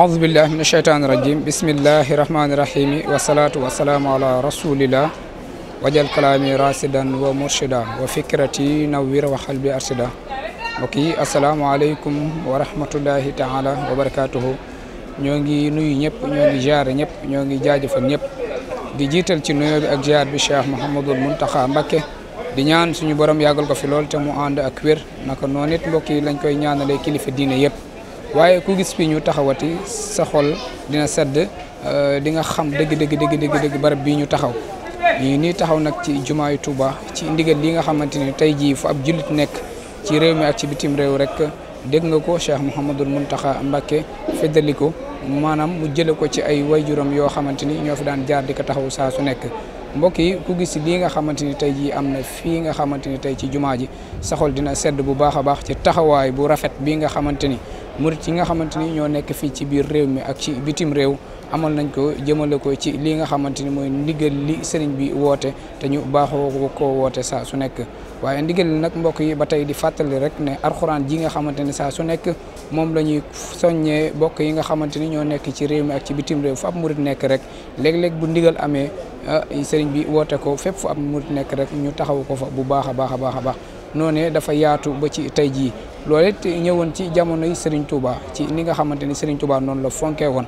aousubillah min asheytani irajim bismillahi rahmanirahimi wasalatu wasalaamu ala rasulillah wajal kalaami rasidan wa murshida wa fikrati nawwir wa xalbi arsida mbokk yi asalaamaaleykum wa rahmatullahi taala wa barakatuhu ñoo ngi nuyu ñëpp ñoo ngi jaare ñëpp ñoo ngi jaajëfal ñëpp di jiital ci nuyoo bi ak jaar bi cheikh Mouhamadul Muntaxa Mbakke di ñaan suñu borom yàggal ko fi lool te mu ànd ak wér naka noonu it mbokk yi lañ koy ñaanalee kilifa diine yëpp waaye ku gis fii ñu taxawati sa xol dina sedd euh, di nga xam dëgg dëgg dëgg barab bii ñu taxaw ñu ni taxaw nag ci jumaayu Touba ci ndigal li nga xamante ni tey jii fu ab jullit nekk ci réew mi ak ci bitim réew rek dégg nga ko Cheikh Mouhamadul taxa Mbacké feddali ko maanaam mu jële ko ci ay way wayjuram yoo xamante ni ñoo fi daan jaar di ko taxawu saa su nekk mbokk yi ku gis lii nga xamante ni tey jii am na fii nga xamante ni tey ci jumaa ji saxool dina sedd bu baax a baax ci taxawaay bu rafet bi nga xamante ni murit yi nga xamante ni ñoo nekk fii ci biir réew mi ak ci bitim réew amal nañ ko jëmale ko ci li nga xamante ni mooy ndigal li sëriñ bi woote te ñu baaxoo ko woote saa su nekk waaye ndigal li nag mbokk yi ba tey di fàttali rek ne arxuraan ji nga xamante ni saa su nekk moom la ñuy soññee mbokk yi nga xamante ni ñoo nekk ci réew mi ak ci bitim réew fu ab murit nekk rek léeg-léeg bu ndigal amee ah sëriñ bi woote ko fépp fu ab murit nekk rek ñu taxaw ko fa bu baax a baax a baax a baax noonee dafa yaatu ba ci tey jii loolu it ñëwoon ci jamonoy Serigne Touba ci ni nga xamante ni Serigne Touba noonu la fonkee woon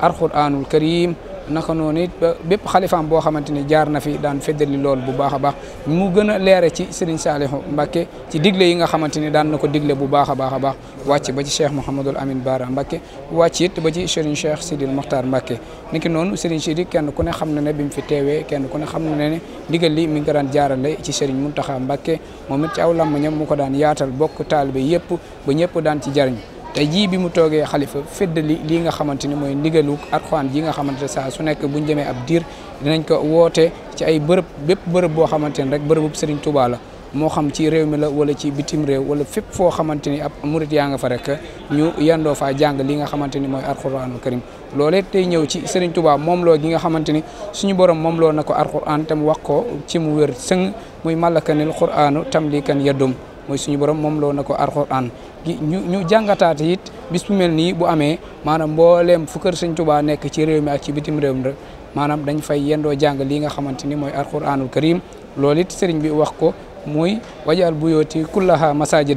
alxuraanul karim naka noonu it bépp xalifaam boo xamante ni jaar na fi daan feddali loolu bu baax a baax mu gën a leere ci Serigne Saliou mbake ci digle yi nga xamante ni daan na ko digle bu baax a baax a baax wàcc ba ci Cheikh Mouhamadul Amin Bara mbake wàcc it ba ci Serigne Cheikh Sidil Mokhtar Mbacké niki noonu Serigne Sidi kenn ku ne xam na ne bi mu fi teewee kenn ku ne xam na ne ndigal li mi ngi ko daan jaarale ci Serigne Mountakha Mbacké moom it ci aw làmmiñam mu ko daan yaatal bokk taalibe yëpp ba ñëpp daan ci jariñ te jii bi mu toogee xalifa feddali lii nga xamante ni mooy ndigalu Alxuraan ji nga xamante ne saa su nekk buñ demee ab diir dinañ ko woote ci ay bërëb bépp bërëb boo xamante ni rek bërëbu Serigne Touba la moo xam ci réew mi la wala ci bitim réew wala fépp foo xamante ni ab murit yaa nga fa rek ñu yandoo fa jàng li nga xamante ni mooy alxuraanul karim loolee tey ñëw ci Serigne Touba moom loo gi nga xamante ni suñu borom moom loo na ko alxuraan tam wax ko ci mu wér sëng muy màllakanil xuraanu tam likan yaddum mooy suñu borom moom loo na ko alxuraan gi ñu ñu jàngataat it bis bu mel nii bu amee maanaam mbooleem fu kër sëñ Tuubaa nekk ci réew mi ak ci bitim réew mi rek maanaam dañ fay yendoo jàng lii nga xamante ni mooy alxuraanul karim loolu it sëriñ bi wax ko muy wajal buyooti kullaha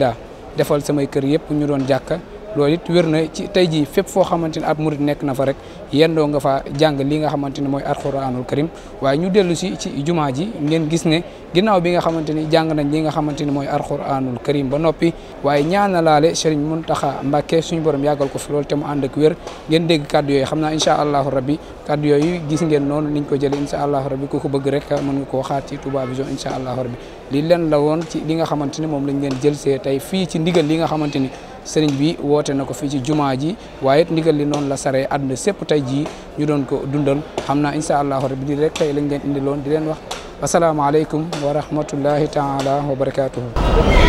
daa defal samay kër yëpp ñu doon jàkka loolu it wér na ci tey jii fépp foo xamante ne ab murit nekk na fa rek yendoo nga fa jàng li nga xamante ne mooy alxuraanul karim waaye ñu dellu si ci jumaa ji ngeen gis ne ginnaaw bi nga xamante ni jàng nañ li nga xamante ni mooy alxuraanul karim ba noppi waaye ñaanalaale Serigne Mountakha Mbacké suñu borom yàggal ko fi loolu te mu ànd ak wér ngeen dégg kàddu yooyu xam naa incha allahu rabbi kàddu gis ngeen noonu niñ ko jëlee incha allahu rabbi ku ko bëgg rek ko nga koo xaar ci Touba Vision incha allahu rabbi li leen la woon ci li nga xamante ni moom lañ leen jël see tey fii ci ndigal li nga xamante ni sëriñ bi woote na ko fii ci jumaa ji waaye it ndigal li la saree àdduna sépp tey jii ñu doon ko dundal xam naa incha allahu rabbi di rek tey lañ leen indiloon di leen wax asalaamaaleykum wa rahmatullahi taala wa barakaatuhu.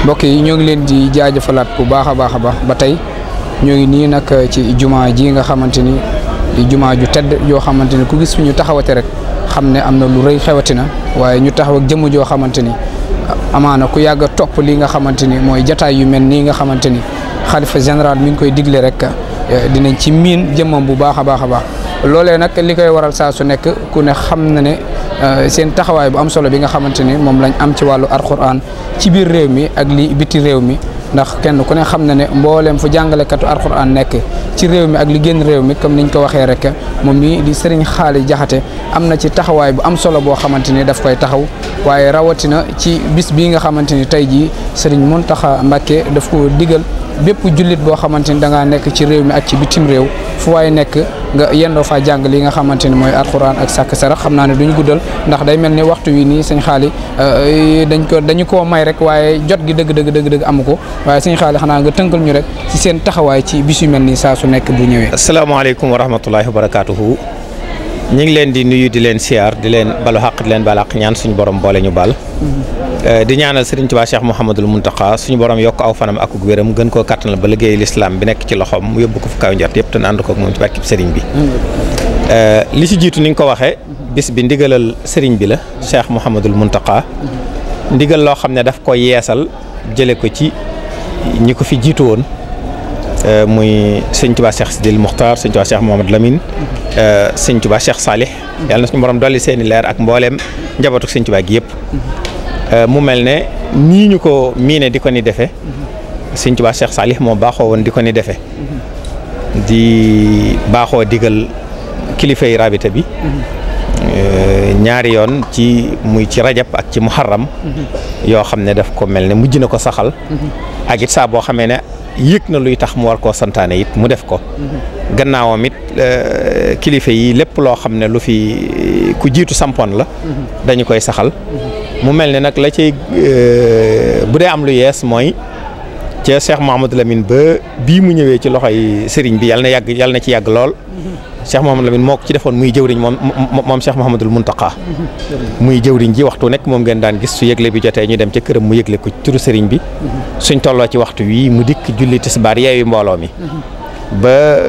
mbokk yi ñoo ngi leen di jaajëfalaat bu baax a baax a baax ba tey ñoo ngi nii nag ci jumaa ji nga xamante ni jumaa ju tedd yoo xamante ni ku gis fi ñu taxawate rek xam ne am na lu rëy xewati na waaye ñu taxaw ak jëmm joo xamante ni amaana ku yàgg a topp nga xamante ni mooy jataay yu mel nii nga xamante ni. xalifa général mi ngi koy digle rek eh, dinañ ci miin jëmmam bu baax a baax a baax loolee nag li koy waral saa su nekk ku ne xam na ne eh, seen taxawaay bu am solo bi nga xamante ni moom lañ am ci wàllu alxuraan ci biir réew mi ak li biti réew mi ndax kenn ku ne xam na ne mbooleem fu jàngalekatu alxuraan nekk ci réew mi ak li génn réew mi comme niñ ko waxee rek moom mii di sëriñ xaali jaxate am na ci taxawaay bu am solo boo xamante ni daf koy taxaw waaye rawatina ci bis bi nga xamante ni tey jii sëriñ Muntaxa Mbàkke daf ko digal bépp jullit boo xamante ni da ngaa nekk ci réew mi ak ci bitim réew fu waaye nekk nga yendoo faa jàng li nga xamante ni mooy alxuraan ak sàkk sarax xam naa ne duñ guddal ndax day mel ni waxtu wi nii sëñ xaali euh, dañ ko dañu koo may rek waaye jot gi dëgg dëgg dëgg dëgg amu ko waaye sëñ xaali xanaa nga tënkal ñu rek ci seen taxawaay ci bi yu mel nii saa su nekk bu ñëwee asalaamaaleykum wa rahmatullahi wa barakaatuhu ñu ngi leen di nuyu di leen siyaar di leen balu xaq di leen baal ñaan suñu borom boole ñu baal. Eh, di ñaanal sëriñ Tuubaa Cheikh Mouhamadul Mountakha suñu borom yokk aw fanam ak wéram gën koo kattanal ba liggéey lislaam bi nekk ci loxoom mu yóbbu ko fu kaw njort yëpp te ànd koog moom ci bàkkib sëriñ bi. Eh, li ci jiitu ni nga ko waxee bis bi ndigalal sëriñ bi la Cheikh Mouhamadul Mountakha ndigal loo xam ne daf ko yeesal jële ko ci ñi ko fi jiitu woon Euh, muy sëñ Tuubaa Cheikh Sidil Muxtaar sëñ Tuubaa Cheikh Mohamed Lamine euh, sëñ Tuubaa Cheikh Salih yàlla na suñu borom dolli seeni leer ak mbooleem njabootu sëñ Tuubaa gi yëpp euh, mu mel ne nii ñu ko miine di ko ni defee sëñ Tuubaa Cheikh Salih moo baaxoo woon di ko ni defe di baaxoo digal kilifay rabita bi ñaari yoon ci muy ci rajab ak ci muharram mhm. yoo xam ne daf ko mel ne mujj na ko saxal mhm. ak it xamee ne yëg na luy tax mu war koo santaane it mu def ko gannaawam it euh, kilifa yi lépp loo xam ne lu fi euh, ku jiitu sampoon la dañu koy saxal mu mel ni nag la cay euh, bu dee am lu yees mooy ca Cheikh Mouhamadou Lamine ba bii mu ñëwee ci loxoy sëriñ bi yàlla na yàgg yàlla na ci yàgg lool Cheikh Mouhamadou Lamine moo ko ci defoon muy jëwriñ moom moom Cheikh Mouhamadul Muntaqa muy jëwriñ ji waxtu nekk moom ngeen daan gis su yëgle bi jotee ñu dem ca këram mu yëgle ko turu sëriñ bi suñ tolloo ci waxtu wii mu dikk julli tisbaar yeewi mbooloo mi ba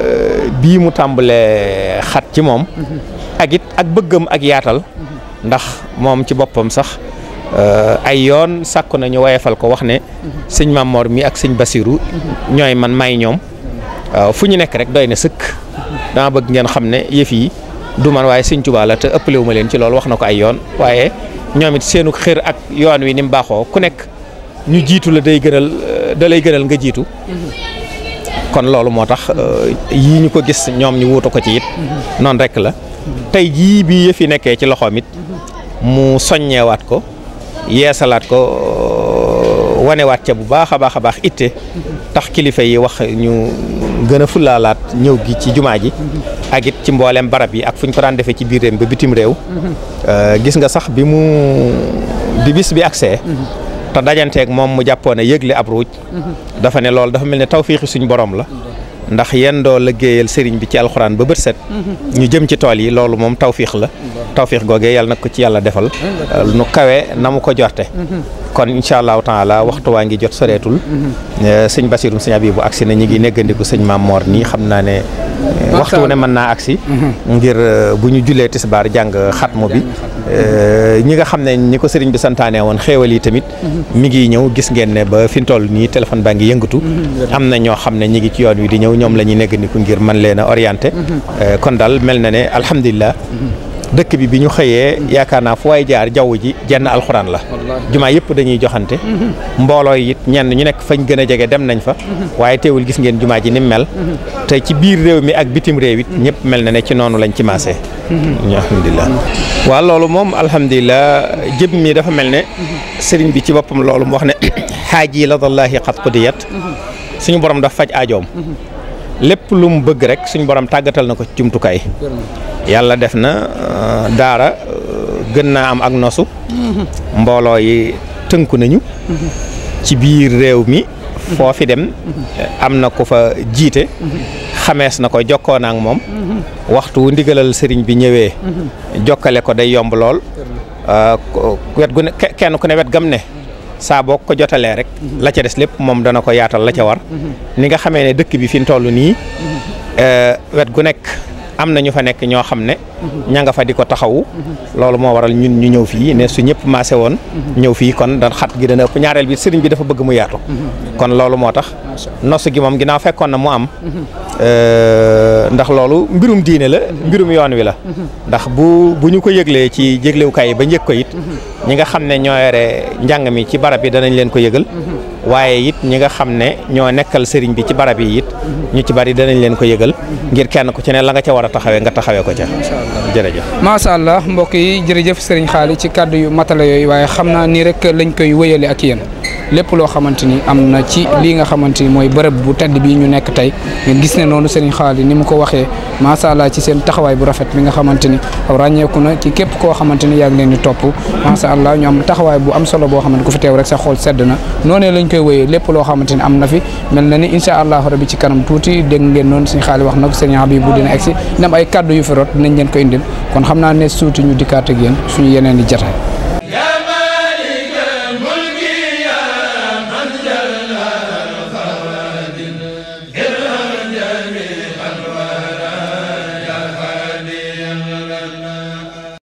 bii mu tàmbalee xat ci moom ak it ak bëggam ak yaatal ndax moom ci boppam sax euh, ay yoon sàkku nañu woyefal ko wax ne sëñ Mamor mi ak sëñ Basiru ñooy man may ñoom fu ñu nekk rek doy na sëkk dama bëgg ngeen xam ne yëf du man waaye sëñ Tuubaa la te ëppalewu ma leen ci loolu wax na ko ay yoon waaye ñoom it seenu xër ak yoon wi ni mu baaxoo ku nekk ñu jiitu la day gënal dalay lay gënal nga jiitu. kon loolu moo tax euh, yi ñu ko gis ñoom ñu wuutu ko ci it. noonu rek la. tey jii bi yëf nekkee ci loxoom it. mu soññeewaat ko yeesalaat ko euh, wanewaat ca bu baax a baax a baax itte tax kilifa yi wax ñu. gën a fulaalaat ñëw gi ci jumaa ji ak ci mboolem barab yi ak fu ñu ko daan defee ci biir ba bitim réew euh, gis nga sax bi mu bi bi accès te dajanteeg moom mu jàppoon a yëgle ab ruuj dafa ne loolu dafa mel ne tawfiixi suñu boroom la ndax yendoo liggéeyal sëriñ bi ci alxuraan ba bët set mhm. ñu jëm ci tool yi loolu moom tawfiix la mhm. tawfiix googee yàlla nag ko ci yàlla defal mhm. nu kawe na mu ko jorte kon incha allahu taala waxtu waa ngi jot soreetul eh, sëñ basirum sëñ abibu agsi na ñu ngi néggandiku sëñ maam moor nii xam naa ne waxtu ne mën naa agsi mm-hmm. ngir euh, bu ñu jullee tisbaar jàng xatmo bi euh, ñi nga xam ne ñi ko sëriñ bi santaane woon xéewal yi tamit mu mm-hmm. ngi ñëw gis ngeen ne ba fi toll nii téléphone baa ngi yëngatu mm-hmm. am na ñoo xam ne ñi ngi ci yoon wi di ñëw ñoom la ñuy negg niku ngir man leen a orienté euh, kon daal mel na ne alhamdulilah dëkk bi bi ñu xëyee yaakaar naa fu waaye jaar jaww ji jenn alxuraan la jumaa yëpp dañuy joxante mhm. mbooloo yi it ñenn ñu nekk fañ gën a jege dem nañ fa mhm. waaye teewul gis ngeen jumaa ji ni mel mhm. te ci biir réew mi ak bitim réew it ñëpp mel na ne ci noonu lañ ci maasee waa loolu moom alhamdulilah jëm mi dafa mel ne sëriñ bi ci boppam loolu mu wax ne xaaji la dallaahi xat qudiyat suñu borom dafa faj aajoom lépp lu mu bëgg rek suñ borom tàggatal na ko ci jumtukaay yàlla def na euh, daara euh, gën naa am ak nosu mbooloo yi tënku nañu ci biir réew mi foo fi dem am na ku fa jiite xamees na ko jokkoon ak moom waxtu wu ndigalal sëriñ bi ñëwee jokkale ko day yomb lool euh, wet gu ne kenn ku ne wet gam ne saa boo ko jotalee rek mhm. la ca des lépp moom dana ko yaatal la ca war mhm. ni nga xamee ne dëkk bi fi mu toll nii mhm. euh, wet gu nekk am na ñu fa nekk ñoo xam ne ña nga fa di ko taxawu loolu moo waral ñun ñu ñëw fii ne su ñëpp maase woon ñëw fii kon da xat gi dana ëpp ñaareel bi sëriñ bi dafa bëgg mu yaatu kon loolu moo tax nosu gi moom ginnaaw fekkoon na mu am euh, ndax loolu mbirum diine la mbirum yoon wi la ndax bu bu ñu ko yëglee ci jéglewukaay yi ba njëkk ko it ñi nga xam ne ñoo yore njàng mi ci barab yi danañ leen ko yëgal waaye it ñi nga xam ne ñoo nekkal sëriñ bi ci barab yi it ñu ci bari danañ leen ko yëgal ngir kenn ku ci la nga ca war a taxawee nga taxawee ko ca jërëjëf macha allah mbokk yi jërëjëf sëriñ xaali ci kàddu yu matala yooyu waaye xam naa nii rek lañ koy wéyale ak yéen lépp loo xamante ni am na ci lii nga xamante ni mooy bërëb bu tedd bii ñu nekk tey ngeen gis ne noonu Serigne Khaly ni mu ko waxee macha allah ci seen taxawaay bu rafet bi nga xamante ni ràññeeku na ci képp koo xamante ni yaa ngi leen di topp macha allah ñu am taxawaay bu am solo boo xamante ku fi teew rek sa xool sedd na noonee lañ koy wéyee lépp loo xamante ni am na fi mel na ni incha allah rabi ci kanam tuuti dégg ngeen noonu Serigne Khaly wax nag ko Serigne bu dina egsi dina ay kàddu yu fi rot dinañ leen ko indil kon xam naa ne suuti ñu dikkaat ak yéen suñu yeneen di jataay